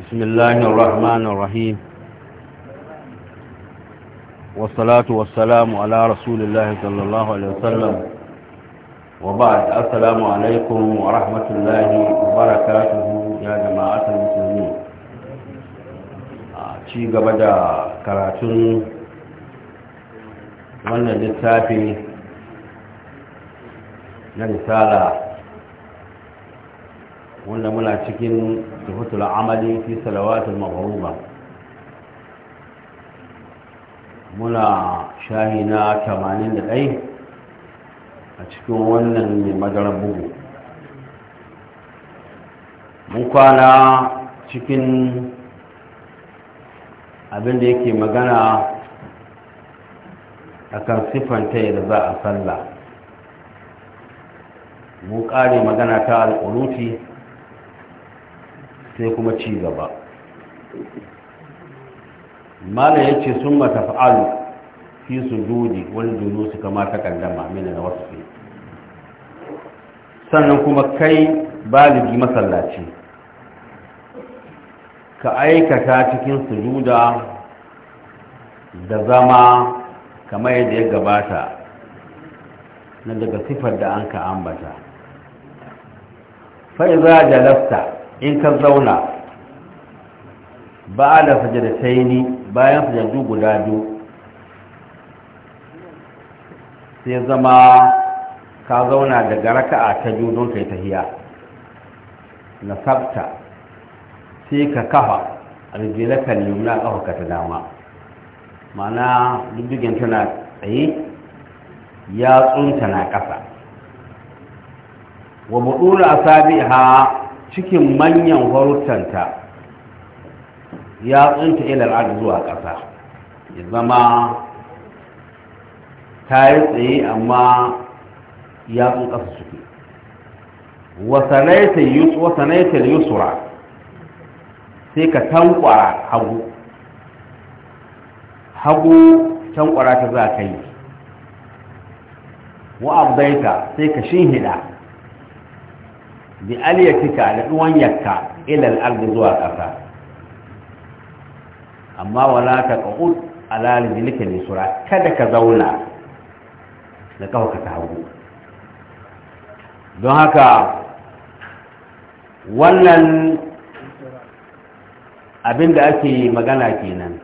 بسم الله الرحمن الرحيم والصلاة والسلام على رسول الله صلى الله عليه وسلم وبعد السلام عليكم ورحمة الله وبركاته يا جماعة المسلمين ci gaba da karatun wannan littafi na risala wanda muna cikin sifatul amali fi salawatul maghruba muna shahi na 81 a cikin wannan mai madarar bugu mun kwana cikin abin da yake magana akan siffanta yadda za a sallah mun kare magana ta alƙunuti sai kuma ci gaba malam ya ce sun matafa'alu fi su dudi wani dunu su kama ta kallama mina na wasu sannan kuma kai baligi masallaci ka aikata cikin sujuda da zama kamar yadda ya gabata na daga sifar da an ka ambata fa'iza da lafta in ka zauna ba da ta yi ni bayan sajadu guda biyu sai zama ka zauna daga raka'a ta biyu don kai tahiya na sabta sai ka kafa na ƙafa ka ta dama mana dubbigin tana tsaye tsunta na ƙasa wa buɗu buɗula asabiha cikin manyan haruttanta ya tsinta ilar al'adu zuwa ƙasa ya zama ta yi tsaye amma ya tsin ƙasa suke wasanaitar yusura sai ka tankwara hagu hagu tankwara ta za ka yi wa'abdaita sai ka hida. bi aliyatika da duwan yakka ila al-ardi zuwa ƙasa amma wala taqud ala rijlika sura kada ka zauna da kawo ka hagu don haka wannan abin da ake magana kenan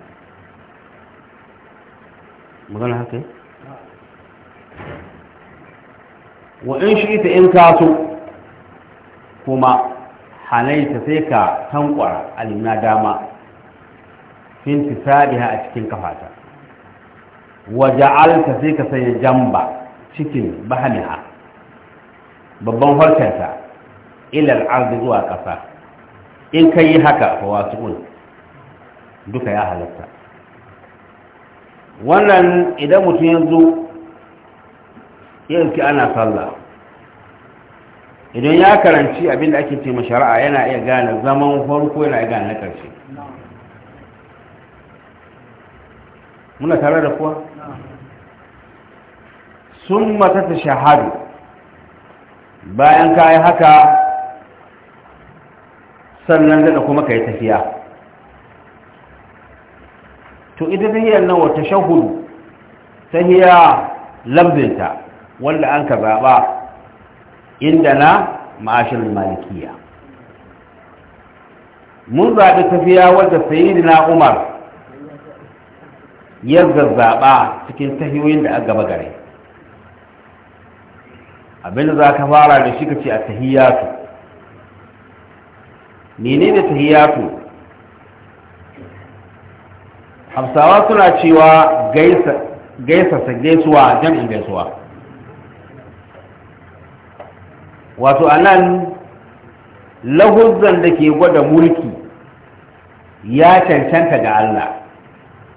magana haka wa in shi ita in kaso kuma hanaita sai ka tankwara alimna dama fin tisabiha a cikin kafata waje waja'alta sai ka sanya jamba cikin bahamiha babban harkarta ilal arzi zuwa ƙasa in ka yi haka fa wasu duka ya halatta wannan idan mutum yanzu yanki ana sallah idan ya karanci abin da ake ce shari'a yana iya gane zaman farko yana iya gane na ƙarshe muna tare da kuwa sun matata shahadu bayan ka yi haka sannan daga kuma ka yi tafiya to ita tahiyar nan wata shahudu tahiya lambinta wanda an ka zaɓa inda na ma'ashin malikiya mun zaɓi tafiya wadda na umar ya zazzaɓa cikin tahiyoyin da aka gaba gare abinda za ka fara da shi ka ce a tahiyatu mene ne tahiyatu Hafsawa suna cewa gaisa gaisuwa jam'in gaisuwa wato anan lahuzzan da ke gwada mulki ya cancanta ga Allah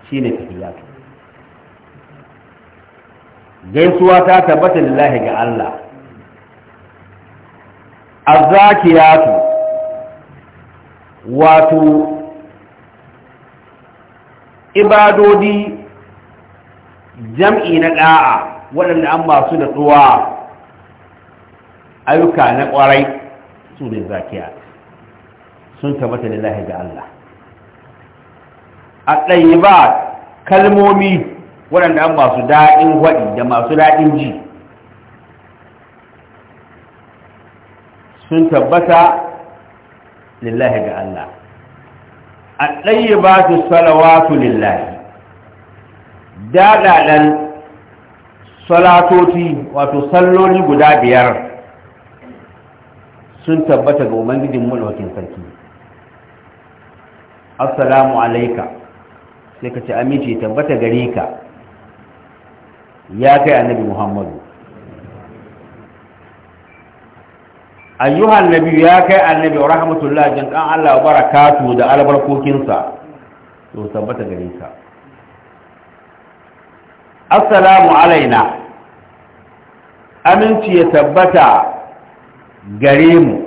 shine tafiyatu gaisuwa ta tabbata lillahi ga Allah azzakiyatu wato ibadodi jam'i na da'a waɗanda an masu da tsuwa ayyuka na kwarai su ne zakiya sun tabbata lillahi ga Allah a ɗayi ba kalmomi waɗanda an masu daɗin waɗi da masu daɗin ji sun tabbata lillahi ga Allah a ɗayi ba su salawatu lillahi daɗaɗen salatoti wato salloli guda biyar sun tabbata ga ubangijin mulkin sarki assalamu alaika sai ka ce aminci tabbata gare ka ya kai annabi muhammadu ayyuhan nabi ya kai annabi rahmatullah jin kan Allah barakatu da albarkokinsa to tabbata gare ka assalamu alaina aminci ya tabbata gare mu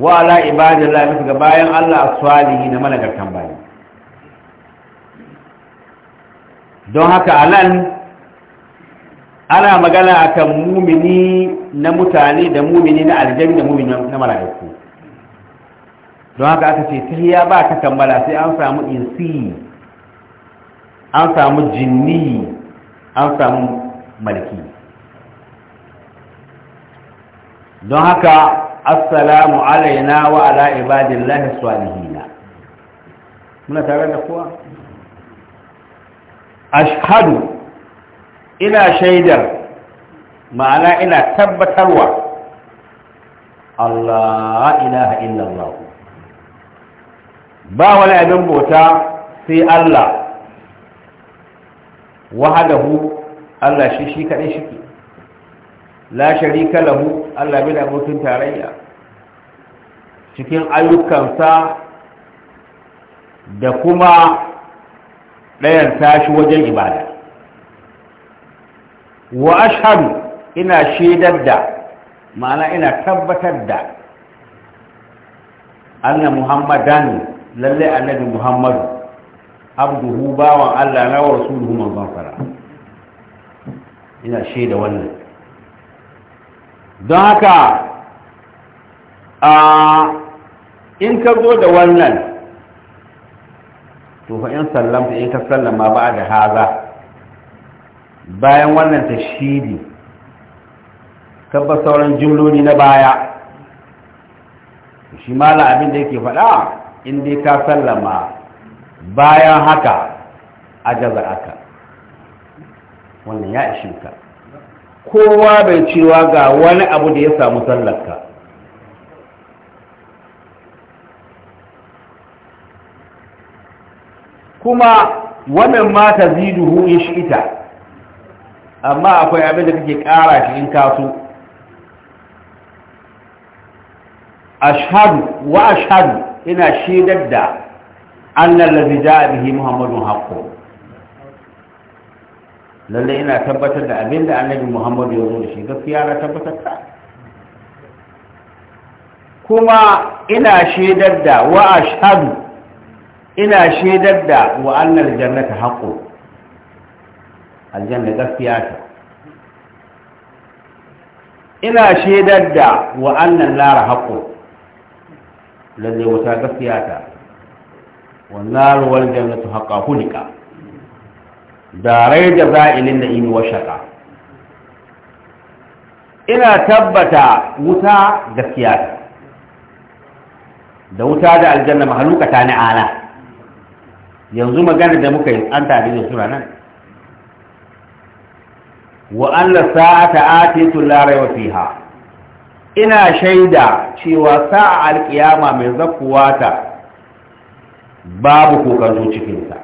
wa ala ibadillah bisa ga bayan Allah as-salihi na malagartan bayi don haka anan ana magana akan mumini na mutane da mumini na aljami da mumini na mala'iku don haka aka ce tahiya ba ta kammala sai an samu insi an samu jinni an samu malaki don haka assalamu alaina wa ala ibadillahi salihina muna tare da kowa ashhadu ina shaidar ma'ana ina tabbatarwa Allah ilaha illallah ba wani abin bauta sai Allah wahadahu Allah shi shi kaɗai shi la sharika lahu Allah bai da abokin tarayya cikin ayyukansa da kuma ɗayan tashi wajen ibada wa ashhadu ina shaidar da ma'ana ina tabbatar da anna muhammadan lalle annabi muhammad abduhu bawan Allah na wa rasuluhu manzon ina shaida wannan don haka a in ka zo da wannan to fa in sallamta in ka sallama ba da haza bayan wannan tashidi kabba sauran jimloli na baya shi mala abin da yake faɗa in dai ka sallama bayan haka a aka wannan ya ishinka kowa bai cewa ga wani abu da ya samu sallarka kuma wannan mata ziduhu in shi ita amma akwai abin da kake ƙara shi in kasu ashadu wa ashadu ina shaidar da annan lafi ja'a bihi muhammadun haƙƙo lallai ina tabbatar da abin da annabi muhammadu ya zo da shi gaskiya na tabbatar ta kuma ina shaidar da wa ashhadu ina shaidar da wa annal jannata haqqo aljanna gaskiya ta ina shaidar da wa annan lara haqqo lallai wata gaskiya ta wannan ruwar jannatu haqqa hulika darai da za'ilin da imi washaka ina tabbata wuta gaskiya ta da wuta da aljanna mahaluka ta ni ala yanzu magana da muka yi an tare da suna nan wa anna sa'ata atitu Larai wa fiha ina shaida cewa sa'a alkiyama mai zakuwa ta babu kokanto cikin sa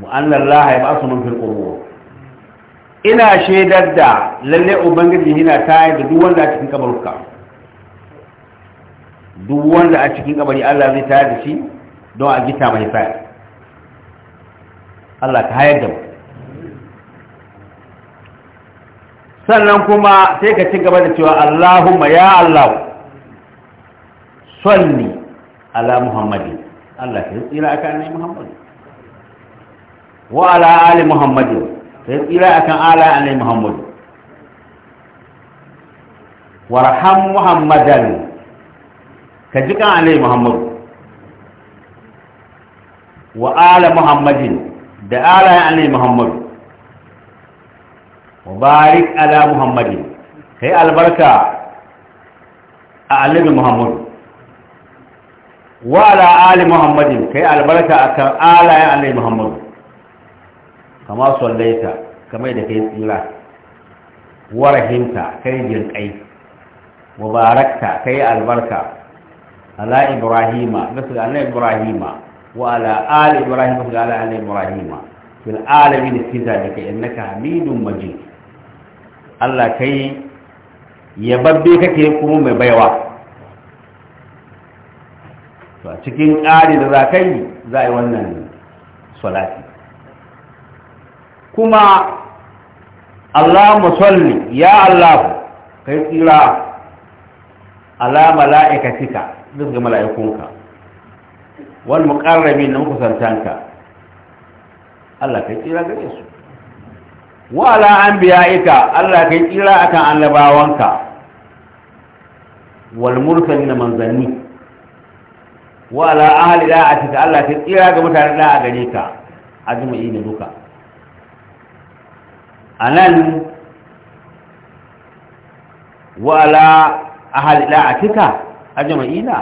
mu'annar laha ya ba su man firƙo ina shaidar da lalle ubangiji yana tayar da duk wanda a cikin kamar kabaruka duk wanda a cikin kabari allah zai tayar da shi don a gita mai sayar allah ta hayar da mu sannan kuma sai ka ci gaba da cewa allahumma ya allahu salli ala muhammadin allah ka yi tsira a kan muhammadin wa ala ali muhammadin sai tsira kan ala ali wa warham muhammadan ka ji kan alai muhammadu wa ala muhammadin da ala alai muhammadu wa barik ala muhammadin yi albarka a alibin muhammadu wa ala ali muhammadin yi albarka akan ala alai muhammadu kama sallaita kamar da kai tsira wa rahimta kai jinkai wa barakta kai albarka ala ibrahima bisa ga annabi ibrahima wa ala ali ibrahima ga ala ali ibrahima fil alamin kiza dake innaka hamidum majid Allah kai yababbe kake kuma mai baiwa to cikin ƙari da za ka za a yi wannan salati kuma Allah musalli ya Allah kai tsira ala mala'ikatika duk ga mala'ikunka wal muqarrabin na kusantanka Allah kai tsira gare su wa ala anbiya'ika Allah kai tsira akan annabawanka wal na manzanni wa ala ahli da'atika Allah kai tsira ga mutanen da a gare ka azumi ne duka a nan wa'ala a halila a cika a jama'ina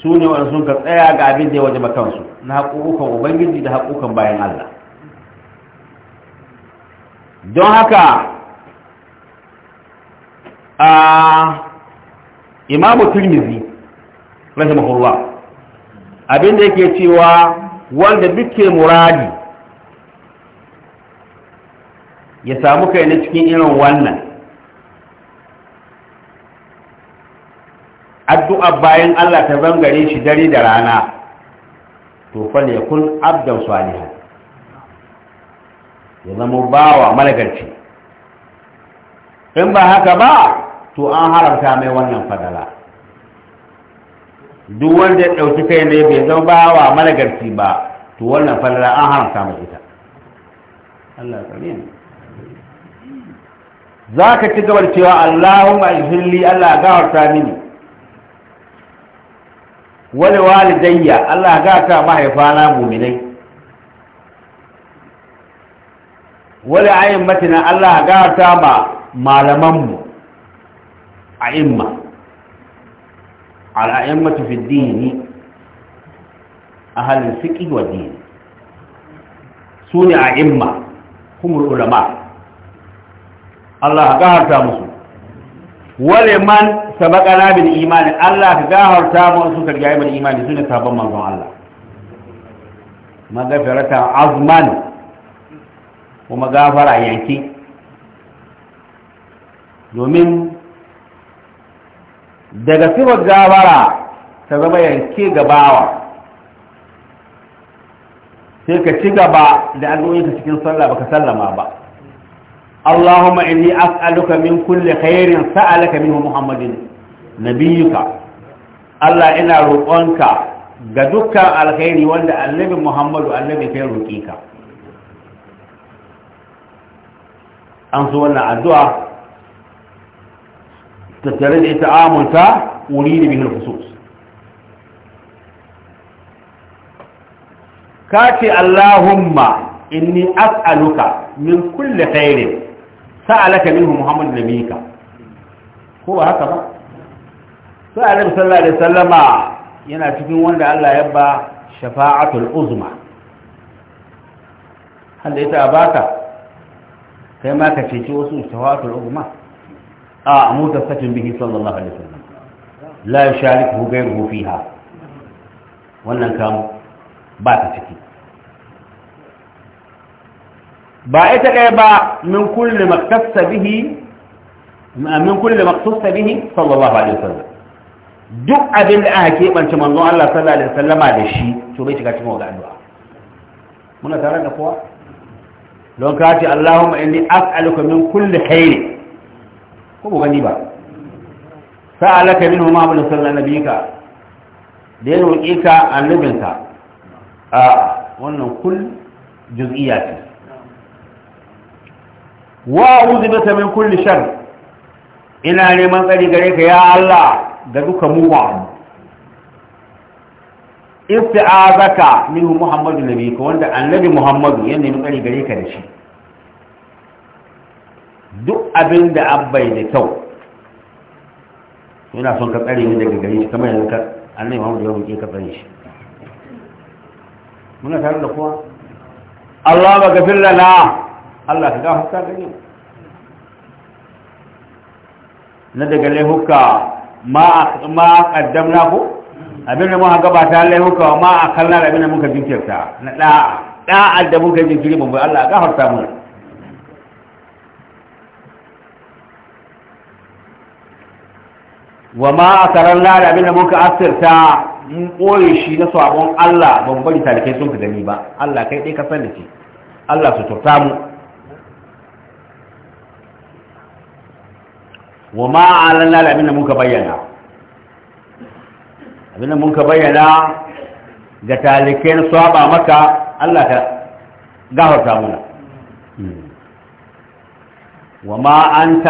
su ne wani sun ka tsaya ga abin da ya waje makansu na haƙoƙon ubangiji da haƙoƙon bayan Allah don haka a imamu turmizi rahimahullah abin da yake cewa wanda duke muradi ya samu kai na cikin irin wannan addu'a bayan Allah ta zangare shi dare da rana to ne kun abdan salihan ya zama bawa malagarci in ba haka ba to an haramta mai wannan fadala duk wanda ya ɗauki kai ne bai zama bawa malagarci ba to wannan fadala an haramta mai ita Allah ya za ka ci gabar da cewa Allahumma ihilli Allah gafarta mini wani walidayya Allah gawarta mahaifana muminai wani ayin matina Allah gawarta ma malamanmu a imma al'a'immatu fi dini a halin fiƙi wa dini su ne a imma kuma ulama Allah ka gafarta musu wale man sabaqana bil imani Allah ka gafarta musu ka ga bil imani sune sabon manzon Allah magafirata azman kuma gafara yanki domin daga sifar gafara ta zama yanke gabawa sai ka ci gaba da al'ummar cikin sallah baka sallama ba اللهم إني أسألك من كل خير سألك منه محمد نبيك الله إنا روقانك قدك على خير وأن النبي محمد النبي خير روكيك أنصونا الدعاء تترد إتعامل تا أريد به الخصوص كاتي اللهم إني أسألك من كل خير sa'alaka minhu muhammad nabika ko ba haka ba sai annabi sallallahu alaihi wasallama yana cikin wanda Allah ya ba shafa'atul uzma hal ita baka kai ma ka ceci wasu shafa'atul uzma a amuta sakin bihi sallallahu alaihi wasallam la yusharikuhu ghayruhu fiha wannan kam ba ta ciki ba ita ɗaya ba min kulli maktasa bihi min kulli maktusa bihi sallallahu alaihi wasallam duk abin da aka keɓance manzon Allah sallallahu alaihi wasallama da shi to bai shiga cikin wa addu'a muna tare da kowa don ka ce Allahumma inni as'aluka min kulli khairi ko ba gani ba sa'alaka minhu ma bi sallallahu nabiyika da ya roƙe ka annabinka a wannan kul juz'iyya ce wa a'udhu bika min kulli shar ina neman tsari gare ka ya Allah da duka muwa isti'azaka min Muhammadu nabiyika wanda annabi Muhammadu ya nemi tsari gare ka da shi duk abin da abbai da kyau yana son ka tsare ni daga gare shi kamar yanzu ka annabi Muhammadu ya roƙe ka tsare shi muna tare da kowa Allah ba gafir na. Allah ka gafarta gare gani na daga laihuka ma ma na ko abin da muka gabata laihuka ma kalla da abin da muka jinkirta na da'a da muka jinkiri mu Allah ka gafarta mu wa ma a tsaron lada abin da muka asirta mun ɓoye shi na sabon Allah ban bari talikai sun ka gani ba Allah kai ɗai ka sani ce Allah su turta mu wa ma alanna da abinda muka bayyana abinda muka bayyana ga talikai na saba maka Allah ta gafarta muna hmm. wa ma an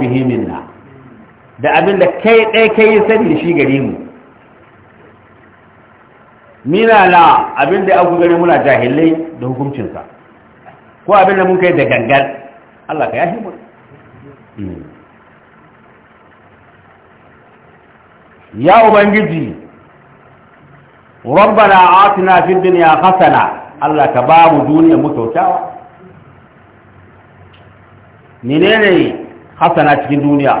bihi minna da abinda kai ɗaya kai yi sani shi gare mu mina na abinda ya ku gani muna jahilai da hukuncinsa ko abinda mun kai da gangan Allah ka yashi mu hmm. ya ubangiji rabbana atina fid dunya hasana Allah ka babu duniya mu kyautawa menene hasana cikin duniya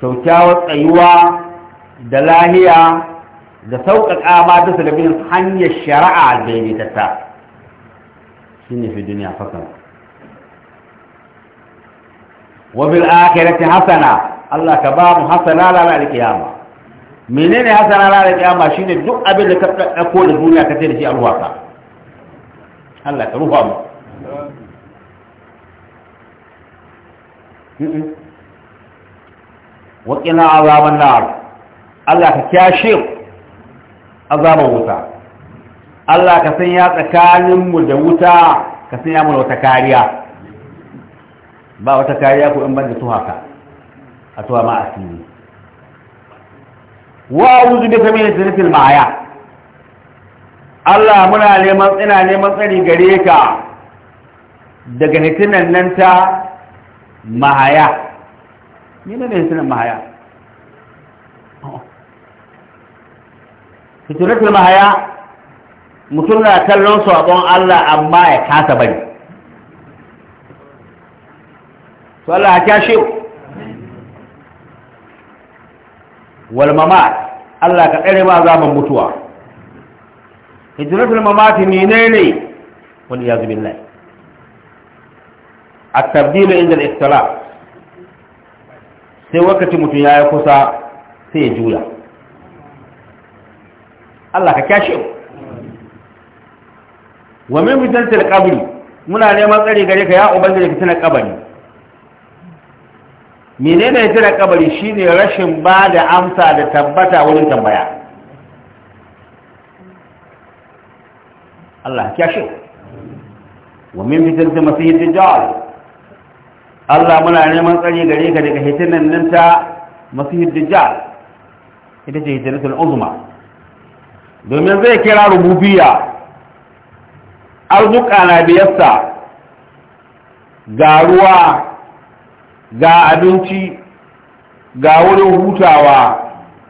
kyautawa, tsayuwa da lahiya da sauƙaƙa ma da salabin hanyar shari'a da daidaitatta shi ne fi duniya fakan wabil akhirati hasana Allah ka ba mu hasana lana alkiyama menene hasana lana alkiyama shine duk abin da ka dauko da duniya ka tare shi a ruwa ka Allah ka ruwa mu wa qina azaban nar Allah ka kyashe azaban wuta Allah ka sanya mu da wuta ka sanya mu wata kariya ba wata kariya ko in ban da tuhaka a tuwa ma asiri wa a'udhu bika min fitnatil ma'aya Allah muna neman ina neman tsari gare ka daga hitinan nan ta mahaya Ni ne hitinan mahaya fitnatul mahaya mutum na kallon sabon Allah amma ya kasa bari to Allah ya kashe wal Allah ka tsare ba azaban mutuwa hijratul mamat menene wal iyaz billah A tabdil inda da ikhtilaf sai wakati mutum ya yi kusa sai ya juya Allah ka kyashe wa min bidantil qabri muna neman tsare gare ka ya ubangiji ka tana kabari menene jira kabari shine rashin ba da amsa da tabbata wurin tambaya Allah ya shi wa min fitan da masih dajjal Allah muna neman tsare gare ka daga hitinan nan ta masih dajjal ita ce hitinatul uzma domin zai kira rububiyya arzuka na biyarsa ga ruwa ga abinci ga wurin hutawa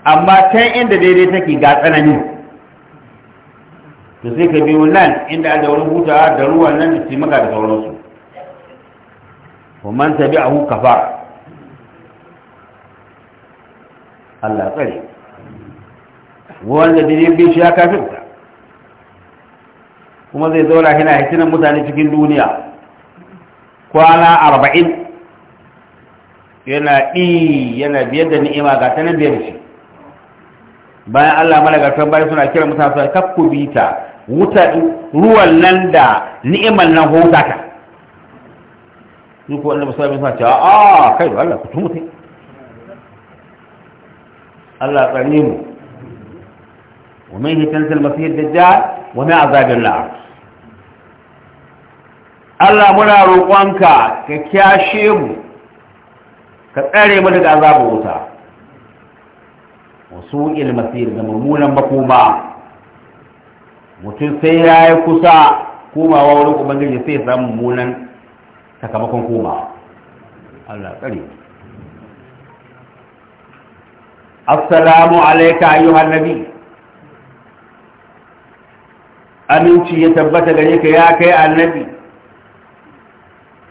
amma can inda daidai take ga tsanani to sai ka biyo nan inda da wurin hutawa da ruwan nan da taimaka da sauransu ومن تبعه كفر Allah tsare wanda da bi shi ya kafirta kuma zai zauna yana hitinan mutane cikin duniya kwana arba'in yana ɗi yana biyar da ni'ima ga ta nan biyar shi bayan Allah malagartan bayan suna kira mutane suna kakku bita wuta ruwan nan da ni'iman nan hota ta su ko annabi suna cewa wasallam a kai Allah kutu tumuta Allah tsare mu wa mai hitansa al yadda ad wa mai azabin nar Allah muna roƙonka ka kyashe mu ka tsare mu daga azabu wuta wasu ilmasir da mummunan makoma mutum sai ya yi kusa komawa wurin ubangiji sai ya samu mummunan sakamakon koma Allah tsare assalamu alaika ayyuhan nabi aminci ya tabbata gare ka ya kai annabi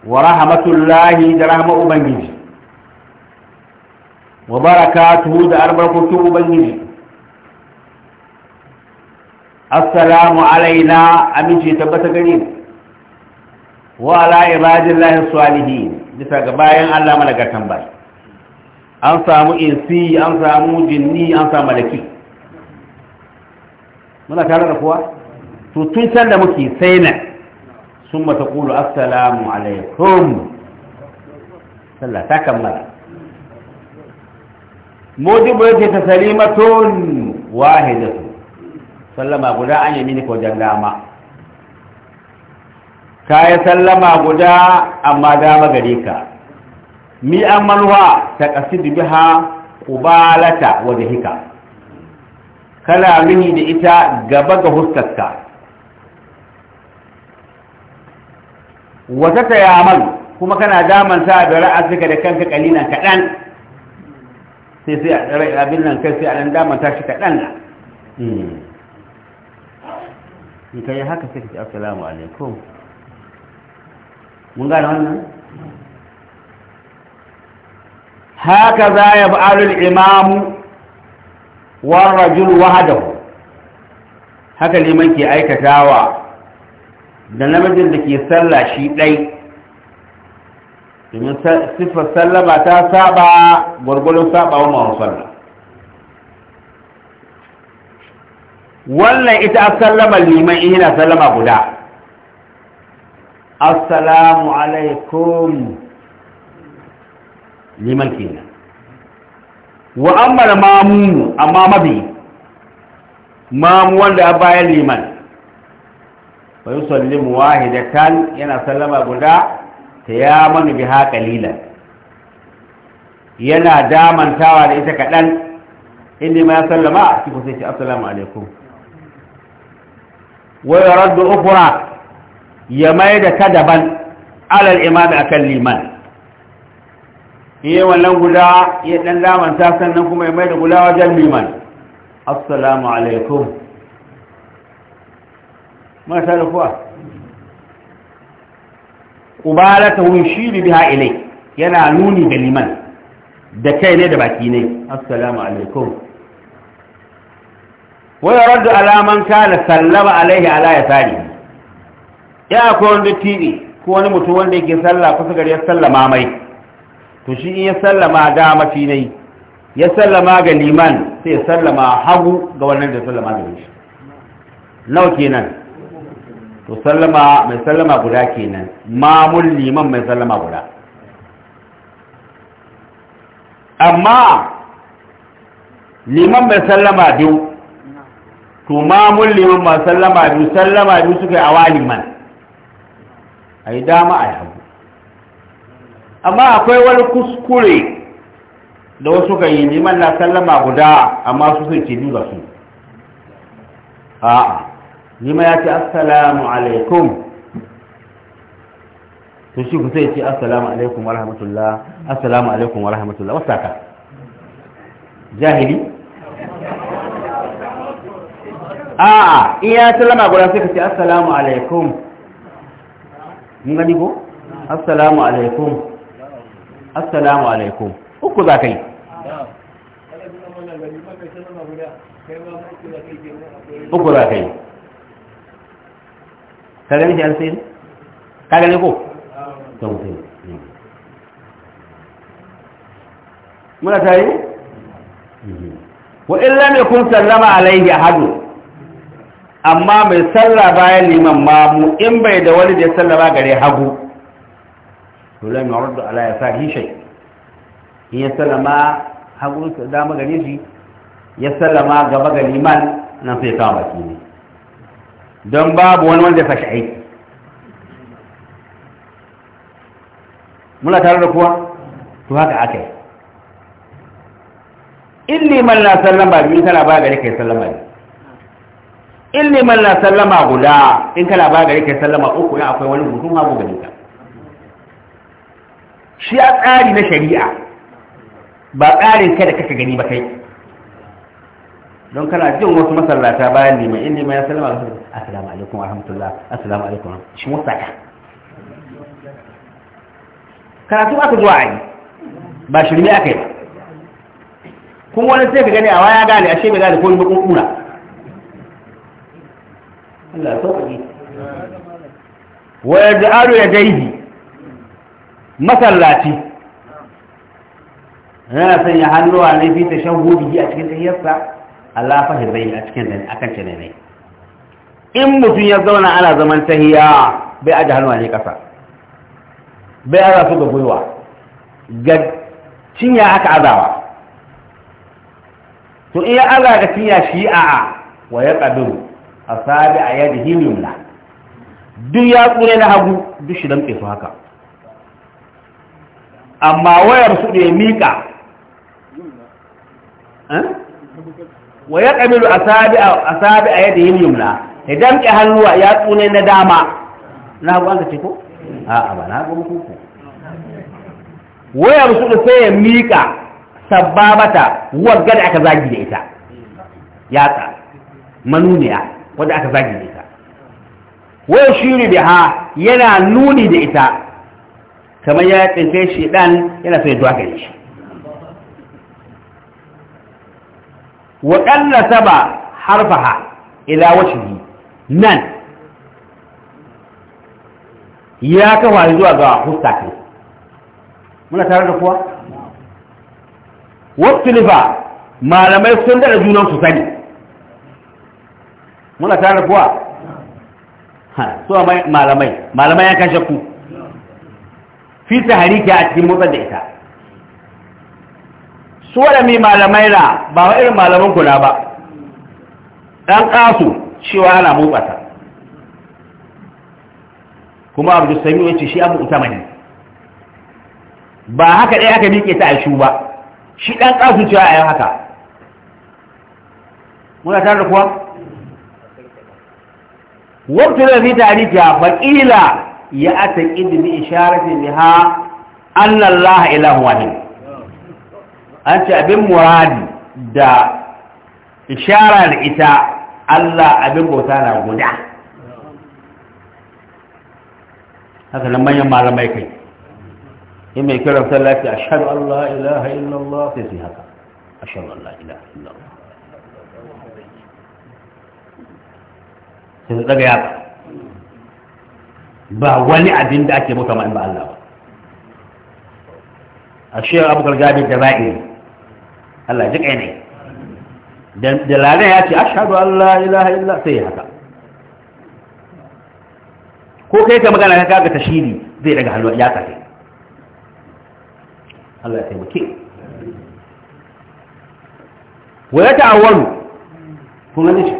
wa rahmatullahi da rahma ubangiji wa barakatuhu da albarkatun ubangiji assalamu alaina aminci tabbata gari wa ala ibadillahi salihin bisa ga bayan Allah malakatan bai an samu insi an samu jinni an samu malaki muna tare da kuwa to tun can da muke sai na sun mata kulu assalamu alaikum sallah ta kammala mujibu yake ta salimatun wahidatu sallama guda an yi mini kojan dama ka yi sallama guda amma dama gare ka mi an ta kasidu biha ƙubalata wajen hika kana nuni da ita gaba ga huskarka wata ta yamal kuma kana daman sa da ra'asika da kanka kalina kaɗan sai sai a tsara abin nan kai sai a nan dama ta shi kaɗan na hmm. in ka yi haka sai ka ce assalamu alaikum mun gane wannan haka za ya ba'alul imamu warra julu wahadahu haka liman ke aikatawa da namijin da ke sallah shi ɗai domin siffar sallama ta saba gwargwadon saba wa masu sallah wannan ita sallaba liman ina sallama guda assalamu alaikum liman kenan wa ammar mamu amma mabi mamu wanda a bayan liman wa yusallimu wahidatan yana sallama guda ta ya manu biha lilan? yana damantawa da ita kaɗan inda ma ya sallama a cikin sai ce assalamu alaikum wai raddu ukura ya mai da ta daban alal imam akan liman yi wannan guda ya dan damanta sannan kuma ya mai da guda wajen liman assalamu alaikum mata da kuwa Ubalata wa shiri biha ilai yana nuni da liman da kai ne da baki ne assalamu alaikum wa yarad ala man kana sallama alaihi ala yasari ya ko wanda tibi ko wani mutum wanda yake sallah kusa gari ya sallama mai to shi in ya sallama ga mafi ne ya sallama ga liman sai ya sallama hagu ga wannan da sallama da shi nau kenan to sallama mai sallama guda kenan mamun liman mai sallama guda amma liman mai sallama biyu to mamun liman mai sallama biyu sallama biyu suka yi awa liman a yi dama a yabu amma akwai wani kuskure da wasu ka yi liman na sallama guda amma su sai ce duba su a'a lima ya ce assalamu alaikum to shi kusa ya ce assalamu alaikum wa rahmatullah assalamu alaikum wa rahmatullah wasu ka jahili a'a iya sallama guda sai ka ce assalamu alaikum mun gani ko assalamu alaikum assalamu alaikum uku za ka yi uku za ka yi ka gani shi an kaga ka ko ta mutum muna tare wa illa lam kun sallama alaihi ahadu amma mai sallah bayan liman mamu in bai da wani da ya sallama gare hagu to lam yurdu ala ya sahi shay in ya sallama hagu da dama gare shi ya sallama gaba ga liman nan sai ta baki ne don babu wani wanda ya fashi aiki muna tare da kuwa to haka aka yi in neman na sallama biyu in kana ba gari kai sallama ne in neman na sallama guda in kana ba gari kai sallama uku ya akwai wani hutun hagu gare ka shi a tsari na shari'a ba tsarin kai da kake gani ba kai don kana jin wasu masallata bayan neman in neman ya sallama ka assalamu alaikum wa rahmatullah assalamu alaikum shi musaka karatu aka zuwa ayi ba shirme aka yi ba kuma wani sai ka gani a waya gane ashe bai gane ko ba kunkura Allah sauƙi wa yaj'alu yadayhi masallaci yana sanya hannuwa ne fi tashahhudi a cikin tahiyyarsa Allah fa hibai a cikin dan akan ce ne in mutum ya zauna ana zaman tahiya bai aje hannuwa ne kasa bai aza su ga gwiwa ga cinya aka azawa to in ya aza ga cinya shi a wa ya kadu a sabi a yadda himimla duk ya tsure na hagu duk shi damke su haka amma wayar su ne mika eh? wa ya kadiru a sabi a yadda himimla ya damƙe hannuwa ya tsune na dama na ku an ka ce ko a'a ba na hagu muku wayar su da sai ya miƙa sababata wagga da aka zagi da ita yatsa manuniya wadda aka zagi da ita wayar shiri da ha yana nuni da ita kamar ya tsinkai shi dan yana sai ya dogare shi waɗanda saba harfaha ila wacihi nan ya kafa zuwa ga hustafi muna tare da kuwa waktilifa malamai sun daɗa junan su sani muna tare da kuwa so malamai malamai ya kashe ku fi ta harika a cikin motsa da ita su waɗanda mai malamai na ba wa irin malamanku na ba ɗan ƙasu cewa ana motsa ta kuma abu sami ya ce shi abu ne ba haka ɗaya aka miƙe ta aishu ba shi ɗan ƙasu cewa a yi haka muna tare da kuwa wabtu da zai ta baƙila ya ata ƙindi bi ni ha annallaha ilahu wahid an ce abin muradi da ishara da ita Allah abin bauta na guda haka nan manyan malamai kai in mai kira sallah ce ashhadu an la ilaha illallah sai su haka ashhadu an la ilaha illallah sai su daga yaka ba wani abin da ake muka in ba Allah ba a shiyar abubakar gabi da ba'i Allah ji kai ne da lare ya ce ashadu Allah ilaha illa sai ya haka ko kai ka magana ka kaga tashiri zai daga hannu ya kafe Allah ya taimake wa ya ta'awwalu kun gani shi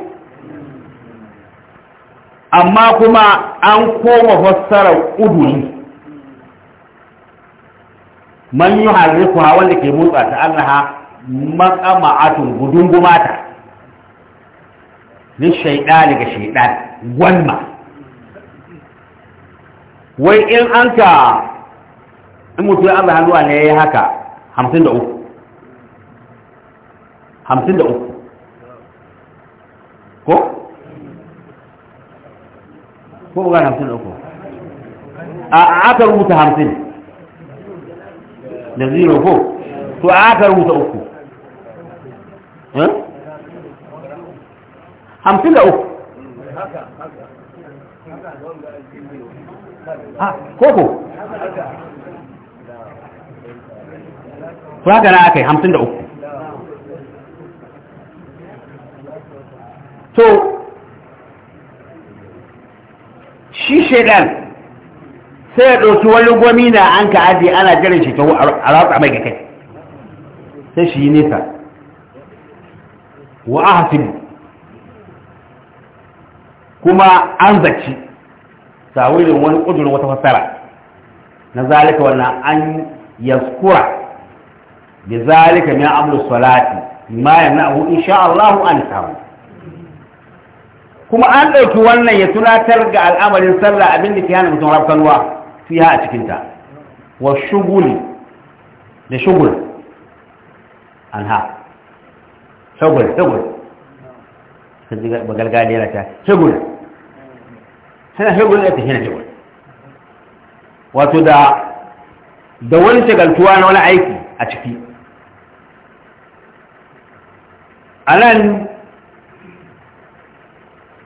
amma kuma an koma fassara uduri man yi harrifuwa wanda ke mutsa ta Allah matsama'atun gudun gumata ni shaidani ga shaidan gwanma wai in an ka in mutu ya Allah hannuwa ne ya yi haka hamsin da ko? ko ga hamsin da a aka rubuta hamsin da zero ko to aka rubuta uku hamsin da uku koko suna gana na aka yi hamsin da uku to shi shaidan sai ya ɗauki wani gwamina an ka ajiye ana jiran shekaru a ratsa mai ga kai sai shi yi nesa wa ahsin kuma an zaci tawilin wani kudurin wata fassara na zalika wannan an yaskura bi zalika min amru salati ma yamna'u insha Allah an tahu kuma an ɗauki wannan ya tunatar ga al'amarin sallah abin da ke hana mutum rafkanuwa fiya a cikinta wa shuguli da shugul an sagul sagul sun ji bagalgali yana ta sagul suna sagul ne ta shi sagul wato da da wani shagaltuwa na wani aiki a ciki a nan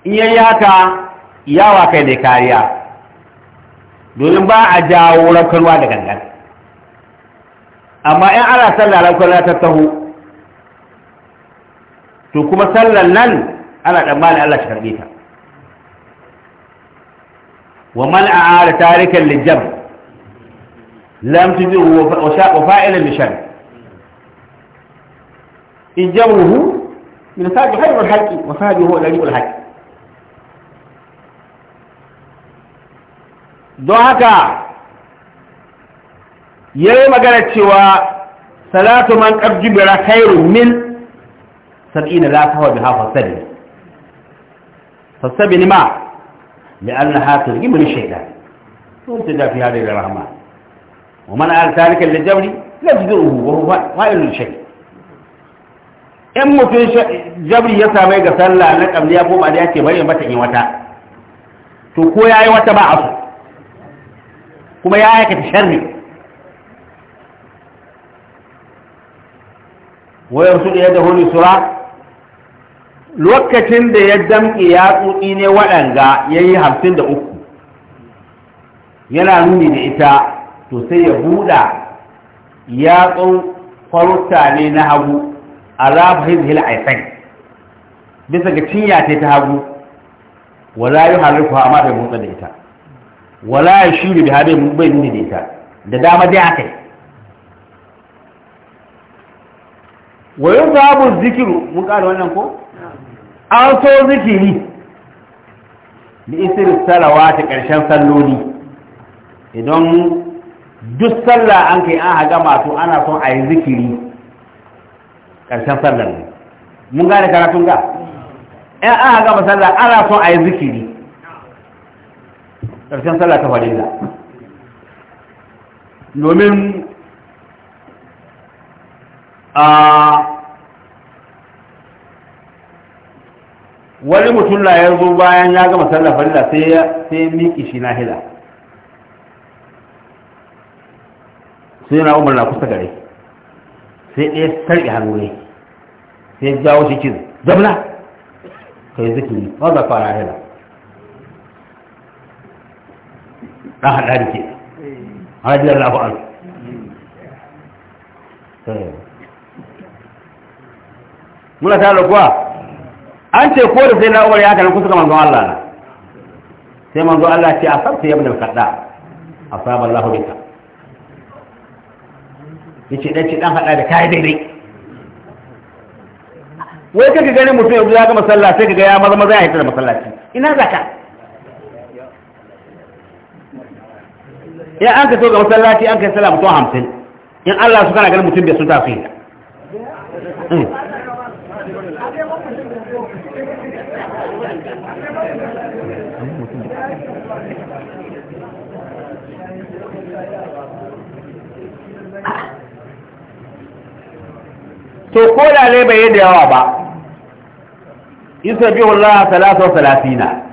iya yaka yawa kai ne kariya domin ba a jawo rankarwa da gangan amma in ana sallah rankarwa ta taho to kuma sallar nan ana tsammanin Allah shi karbe ta wa man a'ara tarikan lijam lam tuzi wa fa'ilan li shar ijamuhu min sabi hayr al haqi wa sabi huwa al haqi don haka yayi magana cewa salatu man qad jibra khairun min سبعين لا تهوى بها فالسبب فالسبب ما لأنها ترجم للشيطان وانتدى في هذه الرحمن ومن قال ذلك للجبري لجدره وهو فائل للشيء إما في جبري يسامي قصر الله أنك أم لي أبوه بعد يأتي بريم بتعي وتا تقول يا وتا أيوة ما أصل كما يا آيك أيوة تشرني ويرسل يده لسرعه lokacin da ya damƙe ya tsotsi ne waɗanga ya yi hamsin da uku yana nuni da ita to sai ya buɗa yatsun farutta ne na hagu a zafahin hil aifai bisa ga cinya ta ta hagu wala yi halittu amma bai motsa da ita wala ya shiri da bai bai nuni da ita da dama dai aka yi wayo babu zikiru mun ƙara wannan ko an so zikiri da isir salawa ta ƙarshen salloli idan duk sallah an kai an haga masu ana son a yi zikiri ƙarshen sallar ne mun gane karatun ga in an haga masallah ana son a yi zikiri ƙarshen sallah ta fadila domin a ah, wani mutum na ya zo bayan ya gama sallar farilla sai ya sai miƙi shi na hila sai na umar na kusa gare sai ɗaya sarƙi hannu ne sai ya jawo shi kin zamna ka yi zikiri wanda fara hila ɗan haɗa da ke hajjiyar lafi'an eh. muna ta da kuwa an ce ko da sai na umar ya haka nan kusa ga manzon Allah na sai manzon Allah ce a sabta yabna kadda asaba Allah bika yace dan ci dan hada da kai daidai wai kaga gani mutum yanzu ya ga masalla sai kaga ya maza maza ya hita da masallaci ina zaka ya an ka so ga masallaci an kai sallah mutum hamsin in Allah su kana ganin mutum bai sun tafi hmm. to ko da ne bai yi da yawa ba isa biyu Allah salatu salatina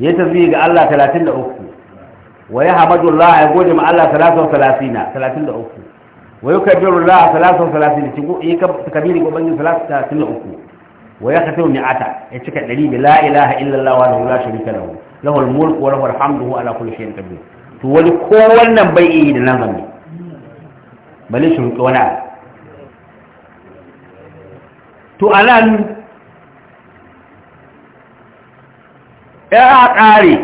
ya tafi ga Allah talatin da uku wa ya hamadu Allah ya gode ma Allah salatu salatina talatin da uku wa ya kabiru Allah salatu salatina ya Kabiru ga ubangin salatu talatin da uku wa ya khatimu mi'ata ya cika ɗari bi la ilaha illa illallah wa la sharika lahu lahul mulku wa lahul hamdu ala kulli shay'in qadir to wani ko wannan bai yi da nan zamne bale shi wani abu to a ya ƙare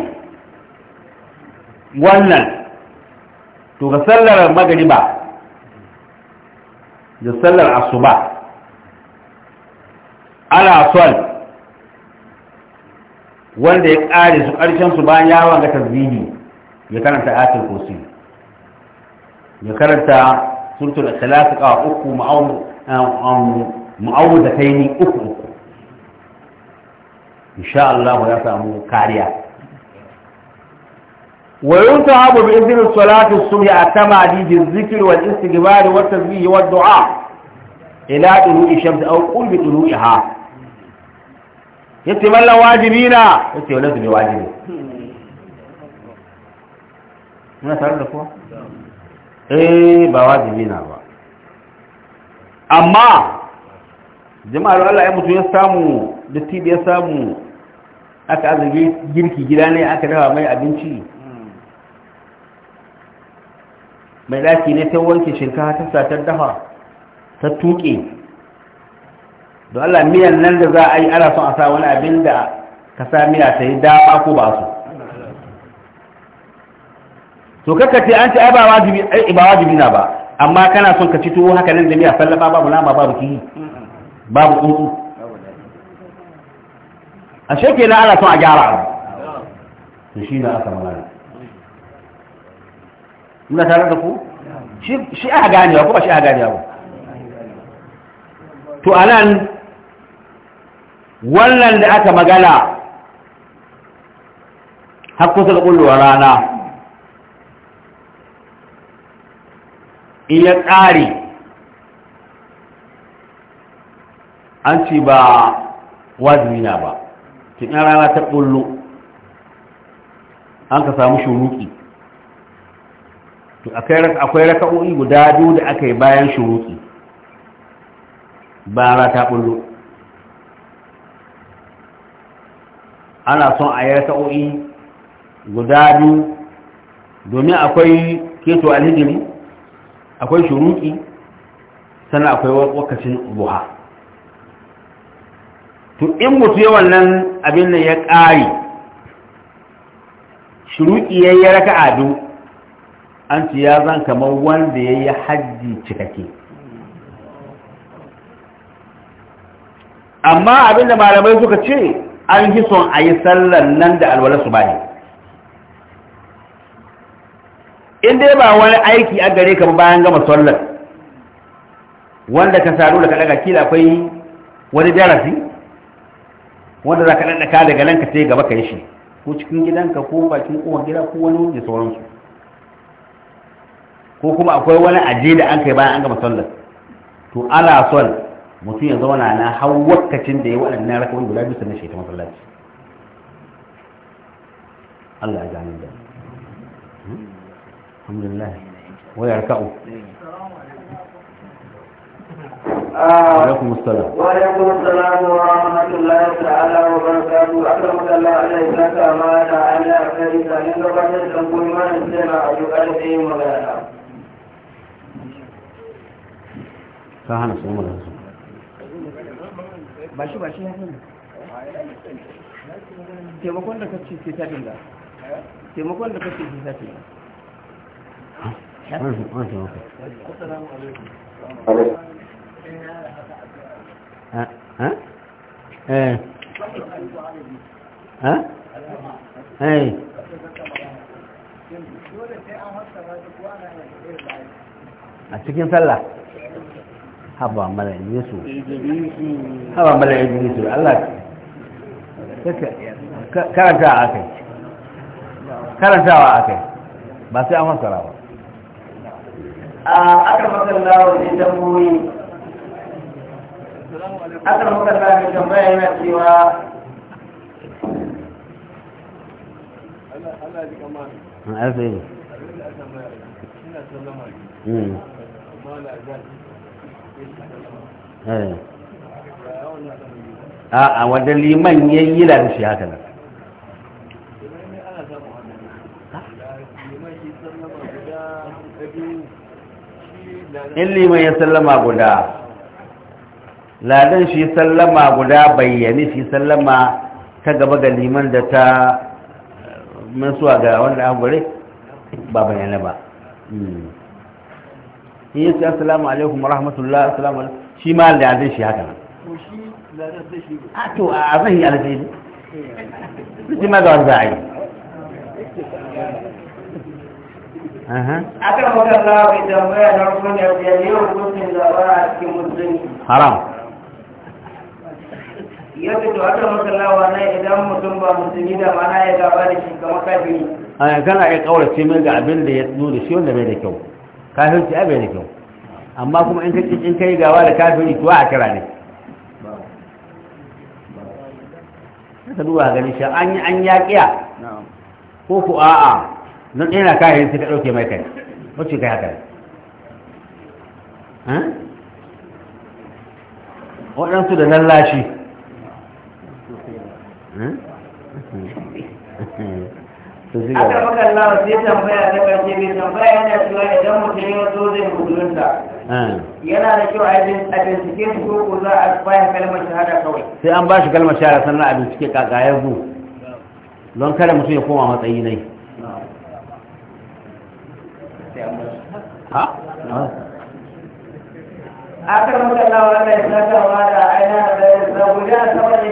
wannan to ga sallar magariba da sallar asuba ana son wanda ya ƙare su ƙarshen su bayan yawon ga tasbihi ya karanta ayatul kursi ya karanta suratul ikhlas ka uku ma'um mu'awudataini أخرى إن شاء الله ya كاريا kariya وينتهب بإذن الصلاة الصبح التمادي بالذكر والاستغفار والتسبيح والدعاء إلى طلوع الشمس أو قل طلوعها يتملى واجبين يتولد إيه، بواجبين muna tare da kuwa? eh ba wajibi na ba amma jama'ar Allah ya mutu ya samu tibi ya samu aka azabi girki gida ne aka dafa mai abinci mai daki ne ta wanke shinkafa ta satar dafa ta tuke don Allah miyan nan da za a yi ana son a sa wani abin da ka sa miya ta yi dafa ko ba su to kaka ce an ce ai ba wajibi na ba amma kana son ka ci tuwo haka nan da miya sallama babu nama babu kihi babu tsuntsu a shekai na ana son a gyara abu to shi na aka magana? muna tare da ku shi aka ganewa ko ba shi aka gane ba to a nan, wannan da aka magana har kusa da kullowa rana in ya ƙare an ce ba wajibi na ba ɗan rana ta ɓullo an ka samu shuruki akwai raka'o'i guda biyu da aka yi bayan shuruki rana ta ɓullo. ana son a yi raka'o'i guda biyu domin akwai keto alhijiri akwai shuruki sannan akwai wakacin buha to in mutu ya wannan abin nan ya ƙari shuruƙi ya yi raka ado an ci ya zan kamar wanda ya yi hajji cikakke amma abin da malamai suka ce an yi son a yi sallan nan da alwala su bane in dai ba wani aiki a gare ka bayan gama sallar wanda ka sadu da ka kila akwai wani darasi wanda za ka ɗanɗa ka daga nan ka sai gaba ka yi shi ko cikin gidanka ko bakin kowar gida ko wani wuri da sauransu ko kuma akwai wani aje da an kai bayan an gama sallar to ana son mutum ya zauna na hau wakacin da ya raka wani guda biyu sannan shi ta masallaci Allah ya gani da hmm? alhamdulillah wayar ka'u alaikum assalam wa alaikum assalam wa rahmatullahi wa barakatuh akramaka Allah Allah ya saka mana ala akari sanin gabatar da kuma sai na ayyukan da yin magana ka hana su magana su ba shi ba hana taimakon da kace ke ta dinga Eh. a cikin sallah haba yi su haba yi yesu Allah karantawa a kai karantawa a kai ba sai an masara ba a aka makalla wajen dabbobi aka A'a wanda liman ya yi da shi haka nan. In liman ya sallama guda, ladan shi sallama guda bayyane shi sallama ta gaba ga liman da ta masuwa ga wanda an gure ba bayyane ba hmm. in yi assalamu alaikum rahmatullah assalamu alaikum shi ma ladan shi haka nan a to a zan yi alfili shi ma ga wanda a yi a kan mutum na wani da na rukun yau yau mutum da ba a cikin musulunci haram ya fito haka masallawa na idan mutum ba musulmi da mana ya gaba da shi kamar kafiri a kana ya kaurace mai ga abin da ya nuna shi wanda bai da kyau kafirci a bai da kyau amma kuma in ka cikin kai gawa da kafiri kuwa a kira ne ka duba ganin shi an yi an yaƙiya ko ku a'a na tsina kayan sai ka ɗauke mai kai wacce kai haka hm? waɗansu da nan lashi aka maka lawa sai tambaya ta karshe mai tambaya yana cewa idan mutum ya zo zai musulunta eh. yana da kyau a bincike su ko ko za a bayan kalmar shahada kawai sai an ba shi kalmar shahada sannan a bincike kakayen ku don kada mutum ya koma matsayi nai akar maka lawa da ya saka wa da aina da ya saboda saboda